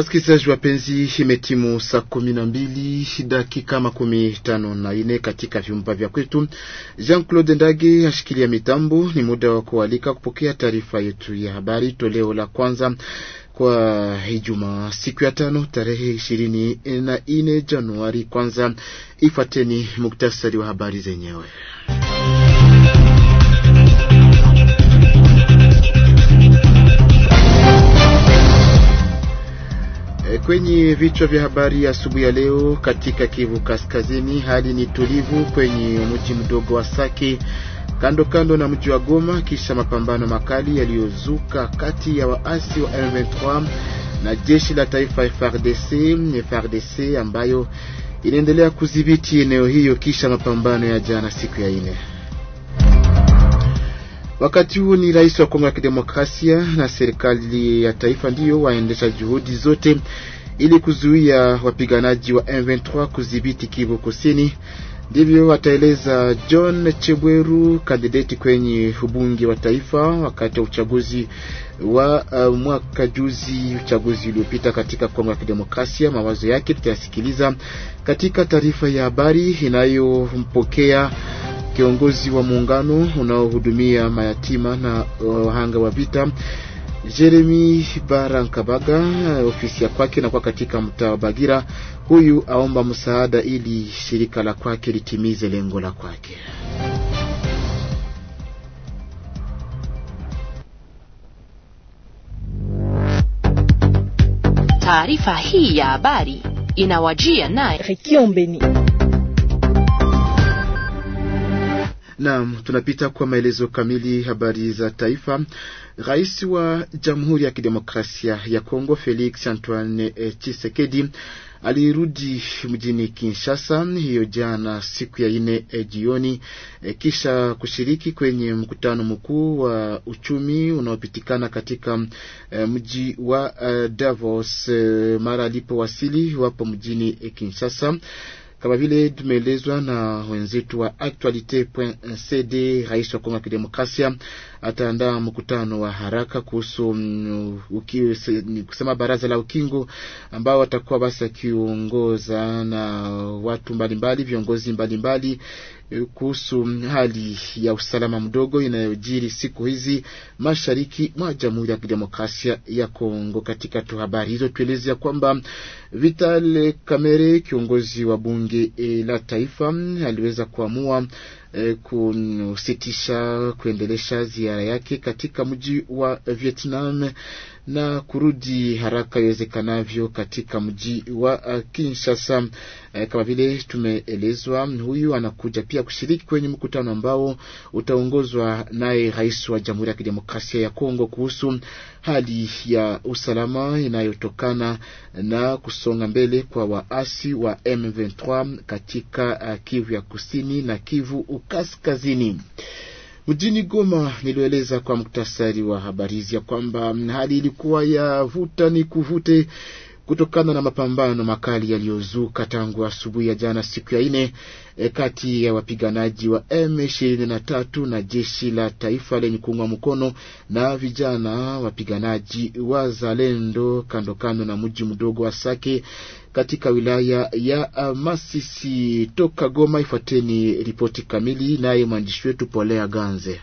Wasikilizaji wapenzi, imetimu saa kumi na mbili dakika makumi tano na ine katika vyumba vya kwetu. Jean Claude Ndage ashikilia mitambo. Ni muda wa kualika kupokea taarifa yetu ya habari, toleo la kwanza kwa Ijumaa siku ya tano tarehe ishirini na Januari. Kwanza ifateni muktasari wa habari zenyewe. Kwenye vichwa vya habari asubuhi ya, ya leo katika Kivu Kaskazini, hali ni tulivu kwenye mji mdogo wa Sake kando kando na mji wa Goma kisha mapambano makali yaliyozuka kati ya waasi wa M23 na jeshi la taifa FARDC, FARDC ambayo inaendelea kudhibiti eneo hiyo kisha mapambano ya jana siku ya ine. Wakati huu ni rais wa Kongo ya Kidemokrasia na serikali ya taifa ndiyo waendesha juhudi zote ili kuzuia wapiganaji wa M23 kudhibiti Kivu Kusini. Ndivyo wataeleza John Chebweru, kandideti kwenye ubunge wa taifa wakati wa uchaguzi wa uh, mwaka juzi, uchaguzi uliopita katika Kongo ya Kidemokrasia. Mawazo yake tutayasikiliza katika taarifa ya habari inayompokea Kiongozi wa muungano unaohudumia mayatima na uh, wahanga wa vita Jeremi Barankabaga, uh, ofisi ya kwake na kwa katika mtaa wa Bagira, huyu aomba msaada ili shirika la kwake litimize lengo la kwake. Taarifa hii ya habari inawajia naye Rekiombeni Naam, tunapita kwa maelezo kamili habari za taifa. Rais wa Jamhuri ya Kidemokrasia ya Kongo Felix Antoine Tshisekedi alirudi mjini Kinshasa hiyo jana siku ya ine e, jioni e, kisha kushiriki kwenye mkutano mkuu wa uchumi unaopitikana katika e, mji wa e, Davos. E, mara alipowasili wapo mjini e, Kinshasa kama vile tumeelezwa na wenzetu wa actualite.cd, rais wa Kongo ya Kidemokrasia ataandaa mkutano wa haraka kuhusu mm, kusema baraza la ukingo ambao watakuwa basi akiongoza na watu mbalimbali mbali, viongozi mbalimbali mbali, Eh, kuhusu hali ya usalama mdogo inayojiri siku hizi mashariki mwa Jamhuri ya Kidemokrasia ya Kongo. Katika tu habari hizo, tuelezea kwamba Vital Kamerhe, kiongozi wa bunge eh, la taifa, aliweza kuamua E, kusitisha kuendelesha ziara yake katika mji wa Vietnam na kurudi haraka iwezekanavyo katika mji wa uh, Kinshasa. Eh, kama vile tumeelezwa, huyu anakuja pia kushiriki kwenye mkutano ambao utaongozwa naye rais wa Jamhuri ya Kidemokrasia ya Kongo kuhusu hali ya usalama inayotokana na kusonga mbele kwa waasi wa M23 katika uh, Kivu ya Kusini na Kivu Kaskazini mjini Goma. Nilieleza kwa muktasari wa habari hizi ya kwamba hali ilikuwa ya vuta ni kuvute kutokana na mapambano makali yaliyozuka tangu asubuhi ya jana siku ya ine e, kati ya wapiganaji wa M23 na jeshi la taifa lenye kuungwa mkono na vijana wapiganaji wa Zalendo kando na mji mdogo wa Sake katika wilaya ya Masisi. Toka Goma, ifuateni ripoti kamili, naye mwandishi wetu Polea Ganze.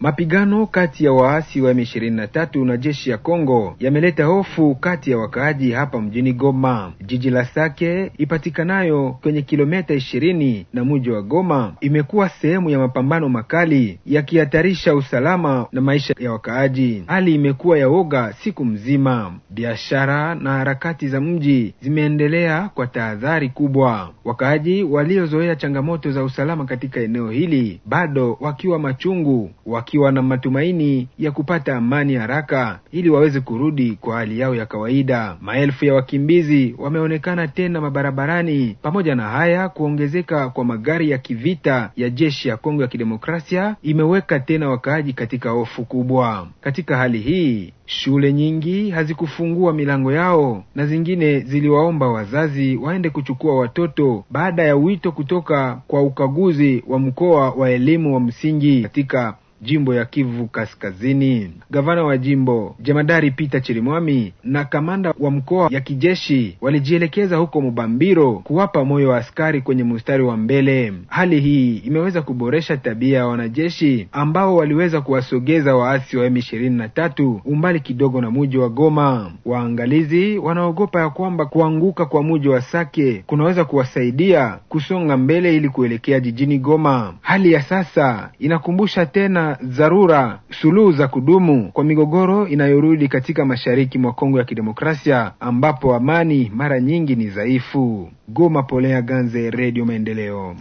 Mapigano kati ya waasi wa M23 na jeshi ya Kongo yameleta hofu kati ya wakaaji hapa mjini Goma. Jiji la Sake ipatikanayo kwenye kilomita ishirini na mji wa Goma imekuwa sehemu ya mapambano makali yakihatarisha usalama na maisha ya wakaaji. Hali imekuwa ya woga siku mzima. Biashara na harakati za mji zimeendelea kwa tahadhari kubwa. Wakaaji waliozoea changamoto za usalama katika eneo hili bado wakiwa machungu wa wakiwa na matumaini ya kupata amani haraka ili waweze kurudi kwa hali yao ya kawaida. Maelfu ya wakimbizi wameonekana tena mabarabarani, pamoja na haya kuongezeka kwa magari ya kivita ya jeshi ya Kongo ya Kidemokrasia imeweka tena wakaaji katika hofu kubwa. Katika hali hii shule nyingi hazikufungua milango yao na zingine ziliwaomba wazazi waende kuchukua watoto baada ya wito kutoka kwa ukaguzi wa mkoa wa elimu wa msingi katika jimbo ya Kivu Kaskazini. Gavana wa jimbo jemadari Peter Chirimwami na kamanda wa mkoa ya kijeshi walijielekeza huko Mubambiro kuwapa moyo wa askari kwenye mstari wa mbele. Hali hii imeweza kuboresha tabia ya wanajeshi ambao waliweza kuwasogeza waasi wa M23 umbali kidogo na muji wa Goma. Waangalizi wanaogopa ya kwamba kuanguka kwa muji wa Sake kunaweza kuwasaidia kusonga mbele ili kuelekea jijini Goma. Hali ya sasa inakumbusha tena dharura suluhu za kudumu kwa migogoro inayorudi katika mashariki mwa Kongo ya Kidemokrasia, ambapo amani mara nyingi ni dhaifu. Goma, Polea Ganze, Redio Maendeleo.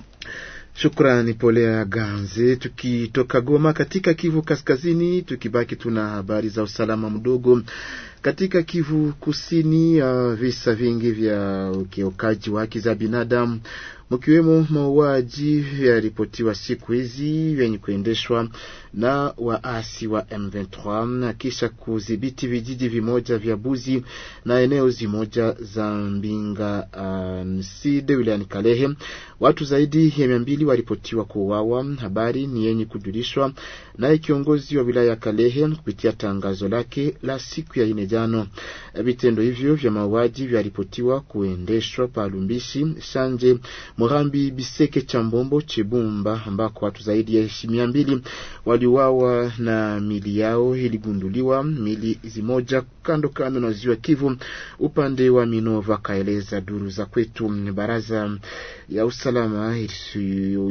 Shukrani Polea Ganze. Tukitoka Goma katika Kivu Kaskazini, tukibaki tuna habari za usalama mdogo katika Kivu Kusini. Uh, visa vingi vya ukiukaji wa haki za binadamu mkiwemo mauaji yaripotiwa siku hizi yenye kuendeshwa na waasi wa M23 kisha kudhibiti vijiji vimoja vya Buzi na eneo zimoja za Mbinga um, Side wilayani Kalehe. Watu zaidi ya mia mbili waripotiwa kuuawa. Habari ni yenye kujulishwa naye kiongozi wa wilaya ya Kalehe kupitia tangazo lake la siku ya ine jano. Vitendo hivyo vya mauaji vyaripotiwa kuendeshwa Palumbishi, Sanje, Morambi, Biseke, Chambombo, chebumba ambako watu zaidi ya mia mbili waliuawa na mili yao iligunduliwa mili zimoja kando kando na ziwa Kivu upande wa Minova, kaeleza duru za kwetu baraza ya usa usalama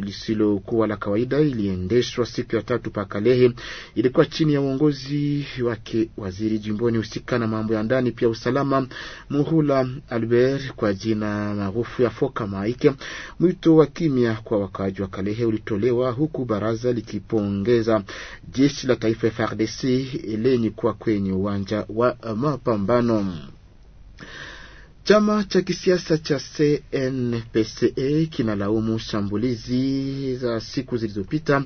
lisilokuwa la kawaida iliendeshwa siku ya tatu pa Kalehe. Ilikuwa chini ya uongozi wake waziri jimboni husika na mambo ya ndani pia usalama, Muhula Albert kwa jina maarufu ya Foka Maike. Mwito wa kimya kwa wakaaji wa Kalehe ulitolewa huku baraza likipongeza jeshi la taifa FARDC lenye kuwa kwenye uwanja wa mapambano. Chama cha kisiasa cha CNPCA e kinalaumu shambulizi za siku zilizopita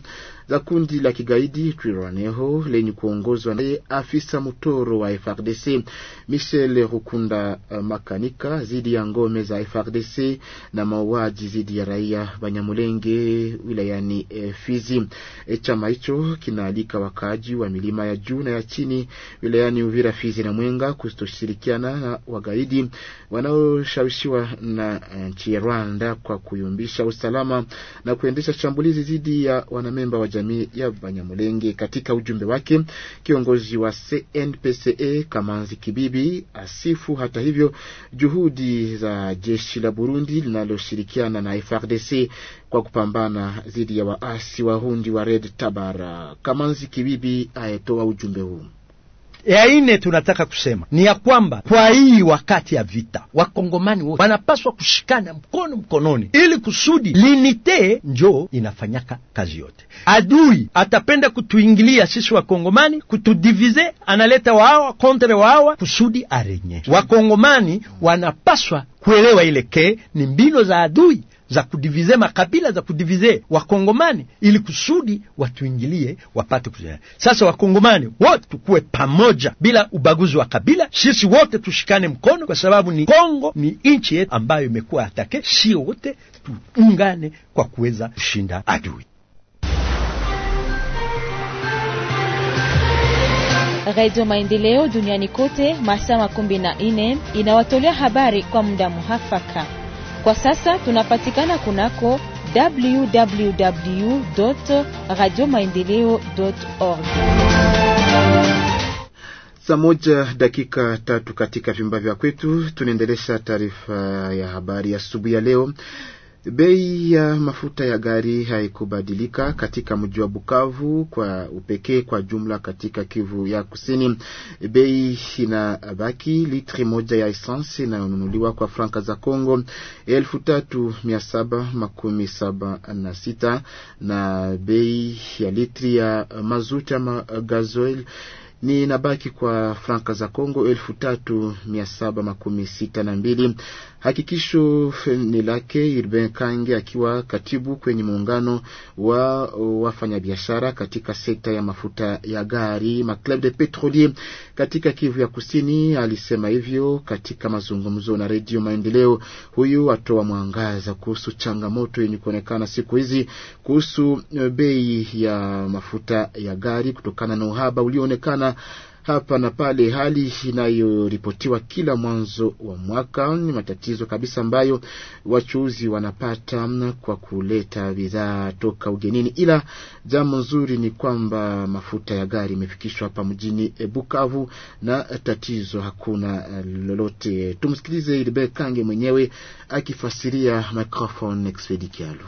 za kundi la kigaidi Twirwaneho lenye kuongozwa naye afisa mtoro wa FRDC Michel Rukunda eh, Makanika dhidi ya ngome za FRDC na mauaji dhidi ya raia Banyamulenge wilayani e, Fizi. E, chama hicho kinaalika wakaaji wa milima ya juu na ya chini wilayani Uvira, Fizi na Mwenga kutoshirikiana na wagaidi wanaoshawishiwa na nchi ya Rwanda kwa kuyumbisha usalama na kuendesha shambulizi dhidi ya wanamemba wa jamii ya Banyamulenge. Katika ujumbe wake, kiongozi wa CNPCE Kamanzi Kibibi asifu hata hivyo juhudi za jeshi la Burundi linaloshirikiana na frdc kwa kupambana dhidi ya waasi wa hundi wa Red Tabara. Kamanzi Kibibi aetoa ujumbe huu ya e ine tunataka kusema ni ya kwamba kwa hii wakati ya vita wakongomani wote wanapaswa kushikana mkono mkononi, ili kusudi linite njo inafanyaka kazi yote. Adui atapenda kutuingilia sisi wakongomani kutudivize, analeta waawa kontre waawa kusudi arenye wakongomani. Wanapaswa kuelewa ile ke ni mbino za adui za kudivize makabila za kudivize wakongomani ili kusudi watuingilie wapate kuzoeana. Sasa wakongomani wote tukuwe pamoja bila ubaguzi wa kabila, sisi wote tushikane mkono, kwa sababu ni Kongo ni nchi yetu ambayo imekuwa atake, sio wote tuungane kwa kuweza kushinda adui. Radio Maendeleo duniani kote masaa makumi na ine inawatolea habari kwa muda muhafaka. Kwa sasa tunapatikana kunako www radio maendeleo org. Saa moja dakika tatu katika vyumba vya kwetu, tunaendelesha taarifa ya habari asubuhi ya, ya leo. Bei ya mafuta ya gari haikubadilika katika mji wa Bukavu kwa upekee. Kwa jumla katika Kivu ya Kusini, bei inabaki litri moja ya essence inayonunuliwa kwa franka za congo elfu tatu mia saba makumi saba na sita na bei ya litri ya mazuta ama gazoil ni nabaki kwa franka za Kongo elfu tatu mia saba makumi sita na mbili. Hakikisho ni lake Irben Kange akiwa katibu kwenye muungano wa wafanyabiashara katika sekta ya mafuta ya gari Maclub de Petrolier katika Kivu ya Kusini. Alisema hivyo katika mazungumzo na Redio Maendeleo. Huyu atoa mwangaza kuhusu changamoto yenye kuonekana siku hizi kuhusu eh, bei ya mafuta ya gari kutokana na uhaba ulioonekana sana hapa na pale, hali inayoripotiwa kila mwanzo wa mwaka. Ni matatizo kabisa ambayo wachuuzi wanapata kwa kuleta bidhaa toka ugenini, ila jambo nzuri ni kwamba mafuta ya gari imefikishwa hapa mjini Bukavu na tatizo hakuna eh, lolote. Tumsikilize Ilbe Kange mwenyewe akifasiria microphone expedikialu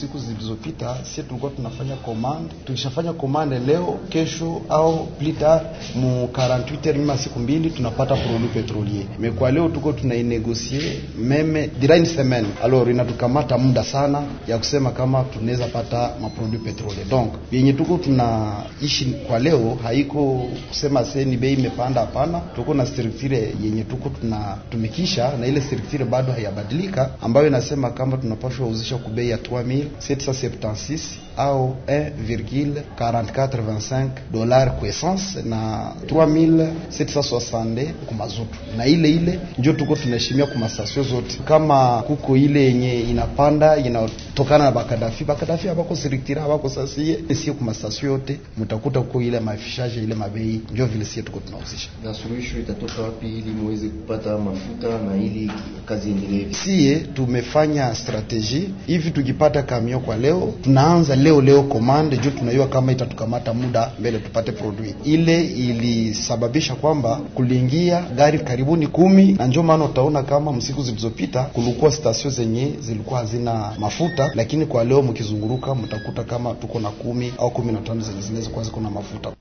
siku zilizopita sisi tulikuwa tunafanya command, tukishafanya command leo, kesho au plita mu 48 nyuma siku mbili tunapata produit petrolier. Imekuwa leo tuko tunainegosie meme dirain semaine, alors inatukamata muda sana ya kusema kama tunaweza pata maproduit petrolier. Donc yenye tuko tunaishi kwa leo haiko kusema seni bei imepanda, hapana. Tuko na structure yenye tuko tunatumikisha na ile structure bado hayabadilika ambayo inasema kama tunapashwa uzisha kubei ya 3776 au 1,4425 dolar kwa essence na 3760 kwa mazutu, na ile ile ndio tuko tunashimia kwa zote. Kama kuko ile yenye inapanda inatokana na bakadafi, bakadafi abako siriktira abako sasie sio kwa yote mtakuta kuko ile mafishaje ile mabei, ndio vile sio tuko tunahusisha. Na suluhisho itatoka wapi ili muweze kupata mafuta na ili kazi endelee? Sie tumefanya strategy hivi tuki tulipata kamio kwa leo, tunaanza leo leo komande juu tunajua kama itatukamata muda mbele tupate produit ile. Ilisababisha kwamba kuliingia gari karibuni kumi, na ndio maana utaona kama msiku zilizopita kulikuwa stasio zenye zilikuwa hazina mafuta, lakini kwa leo mkizunguruka mtakuta kama tuko na kumi au kumi na tano zenye zinaweza kuwa ziko na mafuta.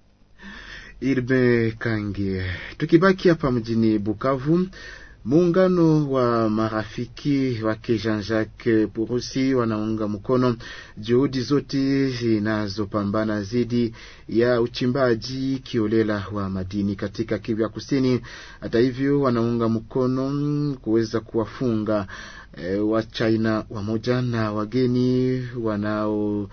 Irbe Kange, tukibaki hapa mjini Bukavu Muungano wa marafiki wake Jean-Jacques Purusi wanaunga mkono juhudi zote zinazopambana dhidi ya uchimbaji kiolela wa madini katika Kivu ya Kusini. Hata hivyo, wanaunga mkono kuweza kuwafunga e, wa China wamoja na wageni wanao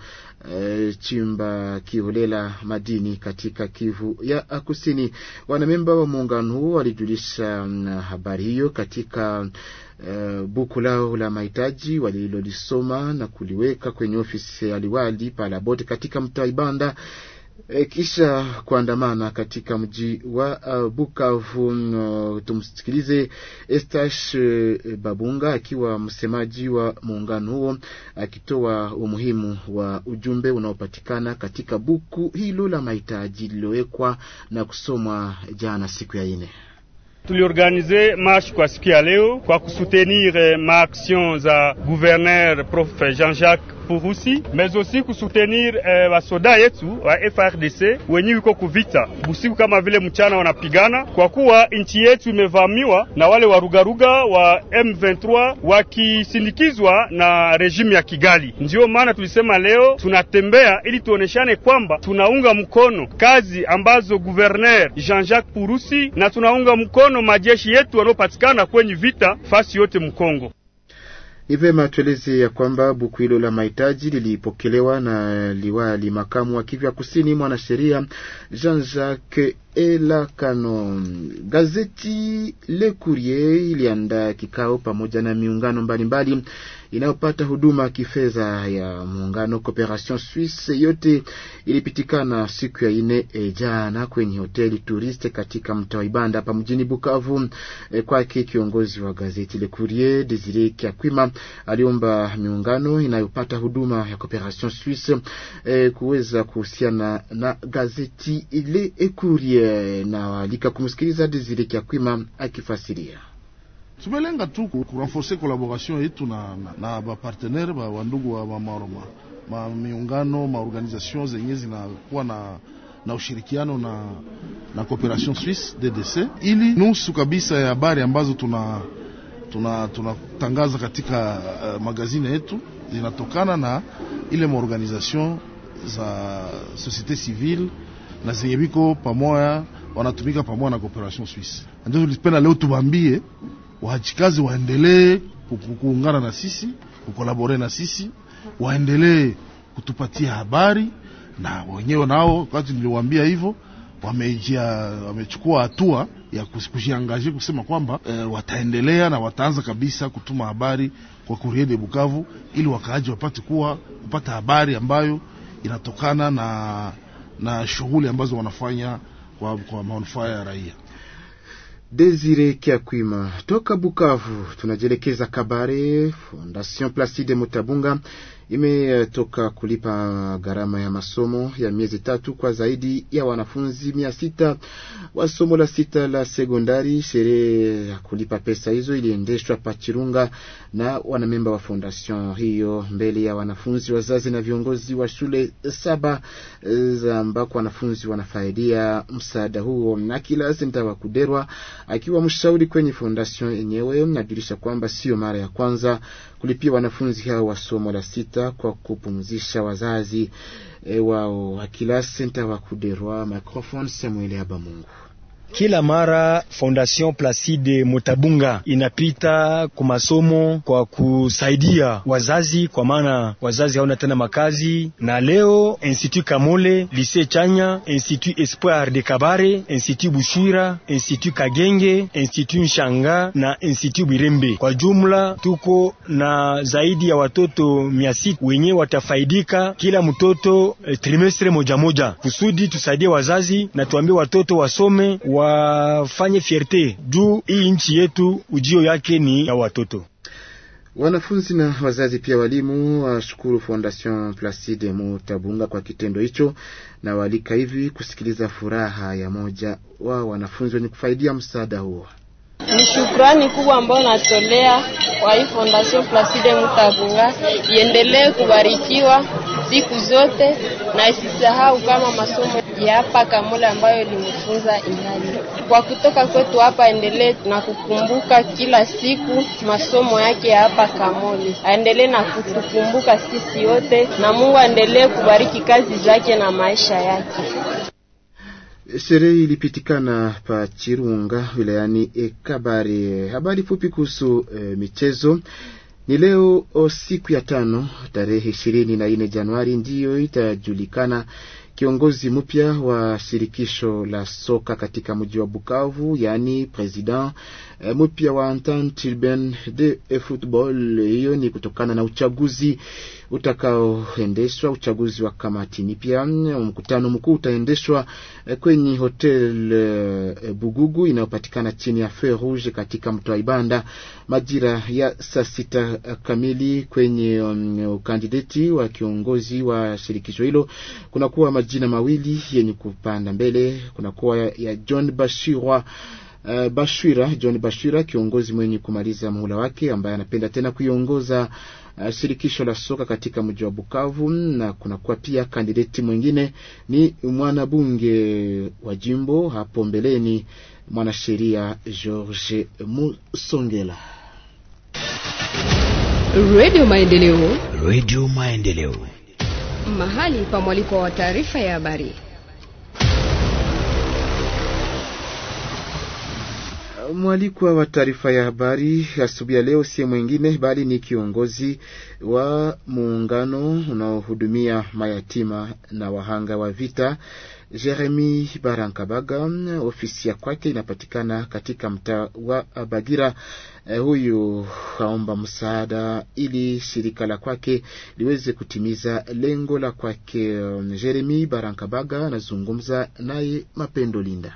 e, chimba kiholela madini katika Kivu ya Kusini. Wanamemba wa muungano huo walijulisha mm, habari hiyo katika Uh, buku lao la mahitaji walilolisoma na kuliweka kwenye ofisi ya liwali Palabot katika mtaa Ibanda E, kisha kuandamana katika mji wa uh, Bukavu. Uh, tumsikilize Estash eh, uh, Babunga akiwa msemaji wa muungano huo akitoa umuhimu wa ujumbe unaopatikana katika buku hilo la mahitaji lililowekwa na kusomwa jana siku ya ine. Tuliorganize marche kwa siku ya leo kwa kusutenir maaction za gouverneur prof Jean-Jacques Urusi, mais aussi kusutenir eh, wasoda yetu wa FRDC wenye wiko kuvita busiku kama vile mchana, wanapigana kwa kuwa nchi yetu imevamiwa na wale warugaruga wa M23 wakisindikizwa na rejimu ya Kigali. Ndiyo maana tulisema leo tunatembea ili tuoneshane kwamba tunaunga mkono kazi ambazo guverner Jean-Jacques Purusi na tunaunga mkono majeshi yetu wanaopatikana kwenye vita fasi yote Mkongo. Ni vema tueleze ya kwamba buku hilo la mahitaji lilipokelewa na liwali makamu wa kivya Kusini, mwanasheria Jean-Jacques Ela Kano. Gazeti Le Courrier iliandaa kikao pamoja na miungano mbalimbali mbali inayopata huduma ya kifedha ya muungano Cooperation Suisse. Yote ilipitikana siku ya ine e, jana kwenye hoteli Touriste katika mtaa wa Ibanda hapa mjini Bukavu. E, kwake kiongozi wa gazeti Le Courrier Desire Kiakwima aliomba miungano inayopata huduma ya Cooperation Suisse e, kuweza kuhusiana na gazeti Le Courrier eh, nawaalika kumsikiliza Desire Kyakwima akifasiria. Tumelenga tu kurenforce collaboration yetu na, na, na bapartenere ba wandugu wa mamaroma ma miungano maorganization zenye zinakuwa na na ushirikiano na, na Cooperation Suisse DDC, ili nusu kabisa ya habari ambazo tuna tunatangaza katika uh, magazine yetu zinatokana na ile maorganization za societe civile na zenye biko pamoya wanatumika pamoja na Cooperation Suisse. Ndio tulipenda leo tubambie wahajikazi waendelee kuungana na sisi, kukolabore na sisi, waendelee kutupatia habari na wenyewe nao, wakati niliwaambia hivyo wamechukua hatua ya kujiangaje kusema kwamba e, wataendelea na wataanza kabisa kutuma habari kwa Courrier de Bukavu ili wakaaji wapate kuwa kupata habari ambayo inatokana na na shughuli ambazo wanafanya kwa, kwa manufaa ya raia. Desire Kiakwima toka Bukavu tunajielekeza Kabare. Fondation Placide Mutabunga imetoka kulipa gharama ya masomo ya miezi tatu kwa zaidi ya wanafunzi mia sita wa somo la sita la sekondari. Sherehe ya kulipa pesa hizo iliendeshwa Pachirunga na wanamemba wa fondation hiyo mbele ya wanafunzi, wazazi na viongozi wa shule saba za eh, ambako wanafunzi wanafaidia msaada huo. Na kila senta wa Kuderwa akiwa mshauri kwenye fondation yenyewe, najulisha kwamba sio mara ya kwanza kulipia wanafunzi hao wa somo la sita kwa kupumzisha wazazi e, wao. Akila Senta wa Kuderwa, microphone Samuel Habamungu. Kila mara Fondation Placide Mutabunga inapita kwa masomo kwa kusaidia wazazi, kwa maana wazazi hawana tena makazi. Na leo Institut Kamole, Lise Chanya, Institut Espoir de Kabare, Institut Bushwira, Institut Kagenge, Institut Nshanga na Institut Birembe. Kwa jumla tuko na zaidi ya watoto mia sita wenye watafaidika kila mtoto eh, trimestre moja moja, kusudi tusaidie wazazi na tuambie watoto wasome wafanye fierte juu hii nchi yetu ujio yake ni ya watoto. Wanafunzi na wazazi pia walimu washukuru Fondation Placide Mutabunga kwa kitendo hicho, na walika hivi kusikiliza furaha ya moja wa wanafunzi wenye kufaidia msaada huo. Ni shukrani kubwa ambayo natolea kwa hii Fondation Placide Mutabunga, iendelee kubarikiwa siku zote na isisahau kama masomo hapa Kamola ambayo ilimfunza imani. Kwa kutoka kwetu hapa, aendelee na kukumbuka kila siku masomo yake ya hapa Kamole, aendelee na kutukumbuka sisi yote na Mungu aendelee kubariki kazi zake na maisha yake. Sherehe ilipitikana pa Chirunga wilayani Ekabari. Habari fupi kuhusu e, michezo ni leo oh, siku ya tano tarehe ishirini na nne Januari ndiyo itajulikana Kiongozi mpya wa shirikisho la soka katika mji wa Bukavu, yaani president eh, mpya wa Antan Tilben de Football. Hiyo ni kutokana na uchaguzi utakaoendeshwa uchaguzi wa kamati ni pia Mkutano mkuu utaendeshwa eh, kwenye hotel e, Bugugu inayopatikana chini ya Feu Rouge katika mto wa Ibanda majira ya saa sita eh, kamili. Kwenye um, ukandideti um, wa kiongozi wa shirikisho hilo kunakuwa majina mawili yenye kupanda mbele, kunakuwa ya John Bashirwa Uh, Bashira John Bashwira, kiongozi mwenye kumaliza muhula wake ambaye anapenda tena kuiongoza Eh, shirikisho la soka katika mji wa Bukavu, na kunakuwa pia kandideti mwingine ni mwanabunge wa jimbo hapo mbeleni, mwanasheria George Musongela. Radio Maendeleo, Radio Maendeleo, mahali pa mwaliko wa taarifa ya habari. Mwalikwa wa taarifa ya habari asubuhi ya leo si mwingine bali ni kiongozi wa muungano unaohudumia mayatima na wahanga wa vita Jeremi Barankabaga. Ofisi ya kwake inapatikana katika mtaa wa Bagira. Eh, huyu aomba msaada ili shirika la kwake liweze kutimiza lengo la kwake. Jeremi Barankabaga anazungumza naye Mapendo Linda.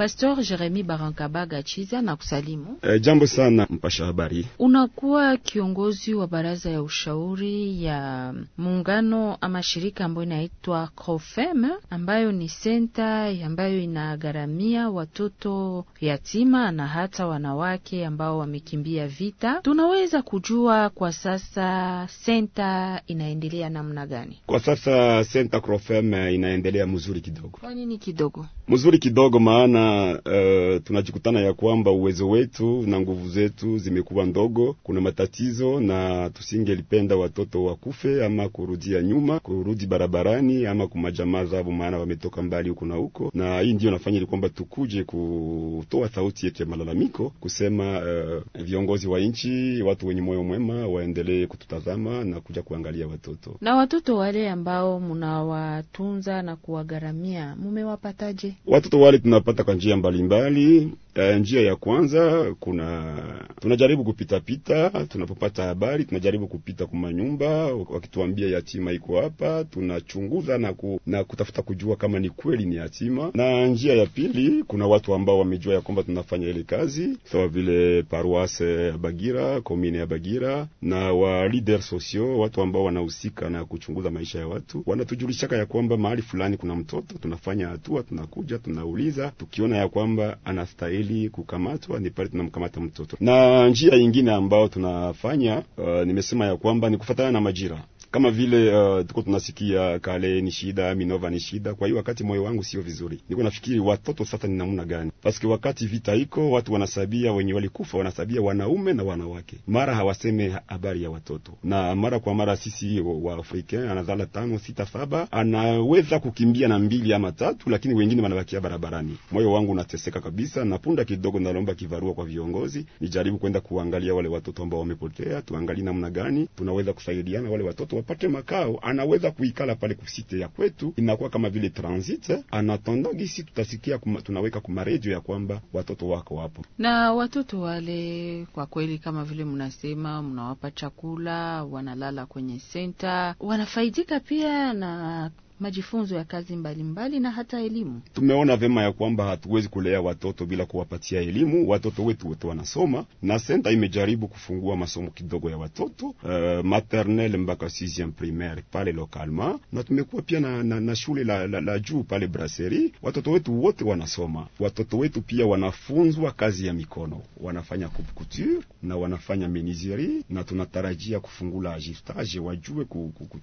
Pastor Jeremi Barankabaga Chiza na kusalimu. E, jambo sana mpasha habari. Unakuwa kiongozi wa baraza ya ushauri ya muungano ama shirika ambayo inaitwa COFEM ambayo ni senta ambayo inagharamia watoto yatima na hata wanawake ambao wamekimbia vita. Tunaweza kujua kwa sasa senta inaendelea namna gani? Kwa sasa senta COFEM inaendelea mzuri kidogo. Kwa nini kidogo? Mzuri kidogo maana uh, tunajikutana ya kwamba uwezo wetu na nguvu zetu zimekuwa ndogo, kuna matatizo, na tusingelipenda watoto wakufe ama kurudia nyuma, kurudi barabarani ama kumajamaa zao, maana wametoka mbali huko na huko, na hii ndio nafanya ili kwamba tukuje kutoa sauti yetu ya malalamiko kusema, uh, viongozi wa nchi, watu wenye moyo mwema waendelee kututazama na kuja kuangalia watoto. Na watoto wale ambao mnawatunza na kuwagharamia, mumewapataje watoto wale? tunapata njia mbalimbali mbali. Uh, njia ya kwanza kuna tunajaribu kupitapita, tunapopata habari tunajaribu kupita manyumba, wakituambia yatima iko hapa, tunachunguza na, ku, na kutafuta kujua kama ni kweli ni yatima. Na njia ya pili kuna watu ambao wamejua ya kwamba tunafanya ile kazi sawa vile paruase ya Bagira, komine ya Bagira na wa leader socio, watu ambao wanahusika na kuchunguza maisha ya watu, wanatujulishaka ya kwamba mahali fulani kuna mtoto, tunafanya hatua, tunakuja tunauliza, tukiona ya kwamba anastahili ili kukamatwa, ni pale tunamkamata mtoto. Na njia yingine ambayo tunafanya uh, nimesema ya kwamba ni kufatana na majira kama vile uh, tuko tunasikia kale ni shida, Minova ni shida. Kwa hiyo wakati moyo wangu sio vizuri, niko nafikiri watoto sasa ni namna gani, paske wakati vita iko watu wanasabia wenye walikufa, wanasabia wanaume na wanawake, mara hawaseme habari ya watoto, na mara kwa mara sisi wa Afrika anazala tano sita saba anaweza kukimbia na mbili ama tatu, lakini wengine wanabakia barabarani. Moyo wangu unateseka kabisa, na punda kidogo nalomba kivarua kwa viongozi, nijaribu kwenda kuangalia wale watoto ambao wamepotea, tuangalie namna gani tunaweza kusaidiana wale watoto wapate makao, anaweza kuikala pale kusite ya kwetu, inakuwa kama vile transit. Anatanda gisi tutasikia kuma, tunaweka kuma redio ya kwamba watoto wako wapo na watoto wale. Kwa kweli kama vile mnasema, mnawapa chakula, wanalala kwenye senta, wanafaidika pia na majifunzo ya kazi mbalimbali mbali na hata elimu. Tumeona vema ya kwamba hatuwezi kulea watoto bila kuwapatia elimu. Watoto wetu wote wanasoma na senta imejaribu kufungua masomo kidogo ya watoto uh, eh, maternel mpaka 6 primaire pale lokalma, na tumekuwa pia na, na, na shule la, la, la juu pale braseri. Watoto wetu wote wanasoma. Watoto wetu pia wanafunzwa kazi ya mikono, wanafanya couture na wanafanya menuiserie, na tunatarajia kufungula ajiftage wajue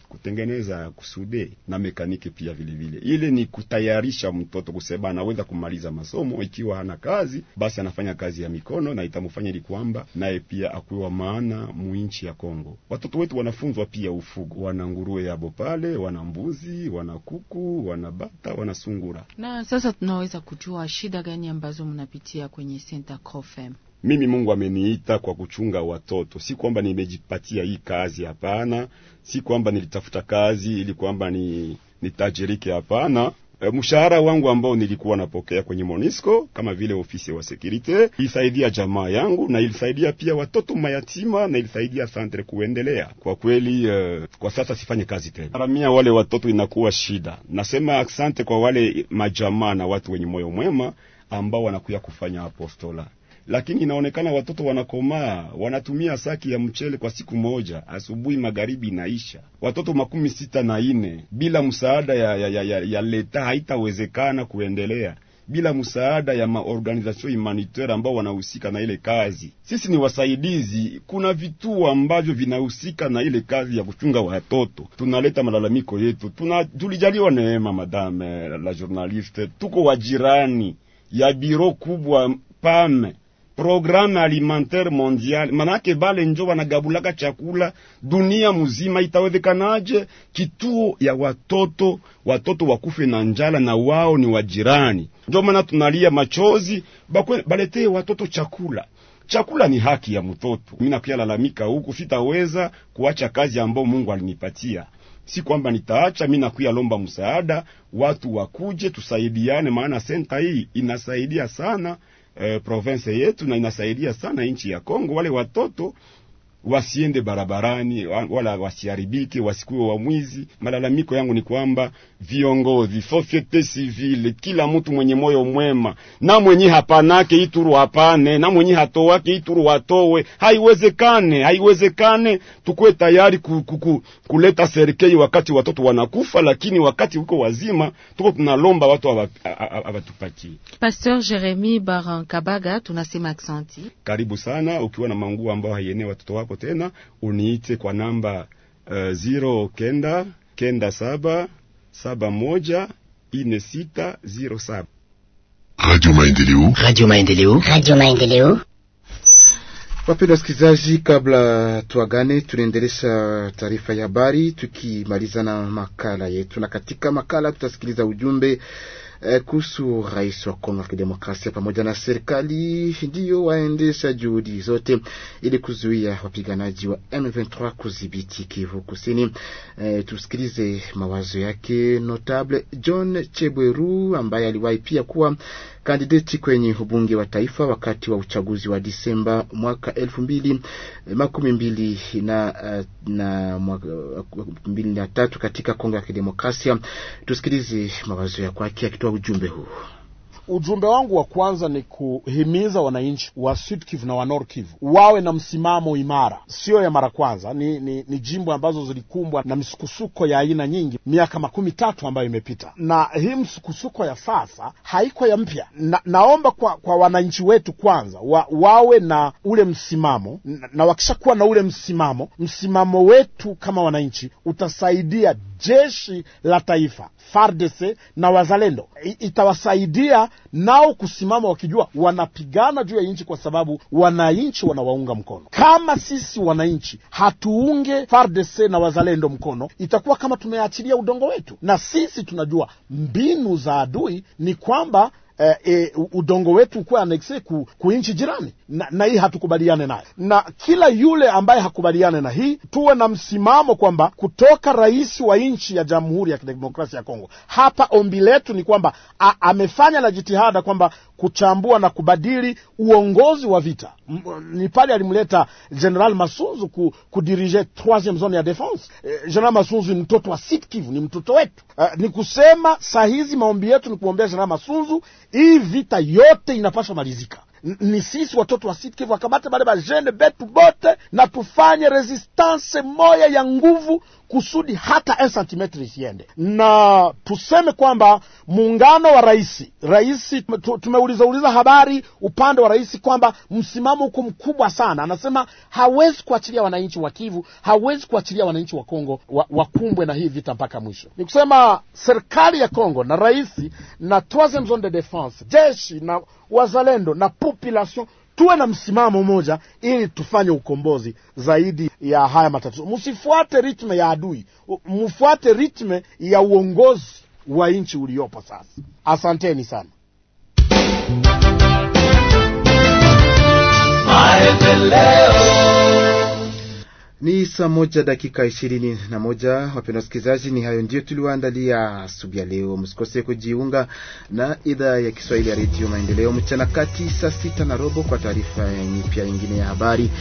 kutengeneza kusude na msilalamike pia vilevile vile. Ile ni kutayarisha mtoto kusema anaweza kumaliza masomo, ikiwa hana kazi basi anafanya kazi ya mikono, na itamfanya ili kwamba naye pia akuwe wa maana muinchi ya Kongo. Watoto wetu wanafunzwa pia ufugo, wana nguruwe yabo pale, wana mbuzi, wana kuku, wana bata, wana sungura. Na sasa tunaweza kujua shida gani ambazo mnapitia kwenye Center Cofem? Mimi Mungu ameniita kwa kuchunga watoto, si kwamba nimejipatia hii kazi, hapana. Si kwamba nilitafuta kazi ili kwamba ni nitajirike? Hapana. E, mshahara wangu ambao nilikuwa napokea kwenye Monisco kama vile ofisi wa sekurite ilisaidia jamaa yangu na ilisaidia pia watoto mayatima na ilisaidia santre kuendelea. Kwa kweli e, kwa sasa sifanye kazi tena, haramia wale watoto inakuwa shida. Nasema asante kwa wale majamaa na watu wenye moyo mwema ambao wanakuya kufanya apostola lakini inaonekana watoto wanakomaa, wanatumia saki ya mchele kwa siku moja, asubuhi magharibi inaisha. Watoto makumi sita na ine bila msaada ya, ya, ya, ya, ya leta haitawezekana kuendelea bila msaada ya maorganizasio humanitaire ambao wanahusika na ile kazi. Sisi ni wasaidizi, kuna vituo ambavyo vinahusika na ile kazi ya kuchunga watoto. Tunaleta malalamiko yetu, tuna tulijaliwa neema, madame la journaliste, tuko wajirani ya biro kubwa pame programme alimentaire mondiale, manake bale njo wanagabulaka chakula dunia muzima. Itawezekanaje kituo ya watoto watoto wakufe na njala na wao ni wajirani? Njo maana tunalia machozi, baletee watoto chakula. Chakula ni haki ya mtoto. Mimi na lalamika huku, sitaweza kuacha kazi ambayo Mungu alinipatia si kwamba nitaacha, mi nakuya lomba msaada, watu wakuje tusaidiane, maana senta hii inasaidia sana eh, province yetu na inasaidia sana nchi ya Kongo. Wale watoto wasiende barabarani wala wasiharibike, wasikuwe wamwizi. Malalamiko yangu ni kwamba viongozi societe civile, kila mtu mwenye moyo mwema na mwenye hapanake ituru hapane, na mwenye hatowake ituru watowe. Haiwezekane, haiwezekane tukuwe tayari kukuku, kuleta serikali wakati watoto wanakufa, lakini wakati uko wazima tuko tunalomba watu hawatupatie. Pastor Jeremy Baran Kabaga, tunasema aksanti, karibu sana ukiwa na manguo ambayo haienee watoto wako tena uniite kwa namba uh, eh, ziro kenda kenda saba saba moja ine sita ziro saba. Radio Maendeleo, Radio Maendeleo, Radio Maendeleo. Wapenda wasikilizaji, kabla tuagane, tunaendelesha taarifa ya habari tukimaliza na makala yetu, na katika makala tutasikiliza ujumbe Eh, kuhusu rais wa Kongo ya Kidemokrasia pamoja na serikali ndiyo waendesha juhudi zote ili kuzuia wapiganaji wa M23 kudhibiti Kivu Kusini. E, tusikilize mawazo yake notable John Chebweru ambaye aliwahi pia kuwa kandideti kwenye ubunge wa taifa wakati wa uchaguzi wa Disemba mwaka elfu mbili eh, makumi mbili na, eh, na, mwaka, mbili na tatu katika Kongo ya Kidemokrasia. Tusikilize mawazo ya kwake akitoa ujumbe huu. Ujumbe wangu wa kwanza ni kuhimiza wananchi wa Sud Kivu na wa Nord Kivu wawe na msimamo imara. Siyo ya mara kwanza, ni, ni, ni jimbo ambazo zilikumbwa na misukusuko ya aina nyingi miaka makumi tatu ambayo imepita, na hii msukusuko ya sasa haiko ya mpya na, naomba kwa, kwa wananchi wetu kwanza wa, wawe na ule msimamo na, na wakishakuwa na ule msimamo, msimamo wetu kama wananchi utasaidia jeshi la taifa FARDC na wazalendo itawasaidia nao kusimama wakijua wanapigana juu ya nchi, kwa sababu wananchi wanawaunga mkono. Kama sisi wananchi hatuunge FARDC na wazalendo mkono, itakuwa kama tumeachilia udongo wetu, na sisi tunajua mbinu za adui ni kwamba uh, e, udongo wetu ukuwe anexe ku, ku nchi jirani na, na hii hatukubaliane nayo, na kila yule ambaye hakubaliane na hii tuwe na msimamo kwamba kutoka rais wa nchi ya Jamhuri ya Kidemokrasia ya Kongo, hapa ombi letu ni kwamba amefanya na jitihada kwamba kuchambua na kubadili uongozi wa vita. Ni pale alimleta General Masunzu ku, kudirige troisieme zone ya defense. Eh, General Masunzu ni mtoto wa Sud Kivu, ni mtoto wetu. Eh, ni kusema saa hizi maombi yetu ni kuombea General Masunzu, hii vita yote inapaswa malizika ni sisi watoto wa Sud Kivu wakamate bale bajene betu bote na tufanye resistance moya ya nguvu kusudi hata sentimita isiende. Na tuseme kwamba muungano wa rais rais, tumeuliza uliza habari upande wa rais kwamba msimamo huko mkubwa sana, anasema hawezi kuachilia wananchi wa Kivu, hawezi kuachilia wananchi wa Kongo wakumbwe wa na hii vita mpaka mwisho. Ni kusema serikali ya Kongo na rais na troisieme zone de defense, jeshi na wazalendo na population tuwe na msimamo mmoja, ili tufanye ukombozi zaidi ya haya matatizo. Msifuate ritme ya adui, mfuate ritme ya uongozi wa nchi uliopo sasa. Asanteni sana. Maendeleo. Ni saa moja dakika ishirini na moja. Wapenda wasikilizaji, ni hayo ndio tuliwaandalia asubuhi ya leo. Msikose kujiunga na idhaa ya Kiswahili ya Redio Maendeleo mchana kati saa sita na robo kwa taarifa mpya nyingine ya habari.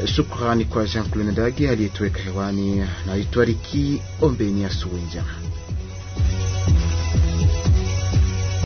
Eh, shukrani kwa Jean Claude Ndage aliyetoweka hewani. Naitwa Riki Ombeni, asubuhi njema.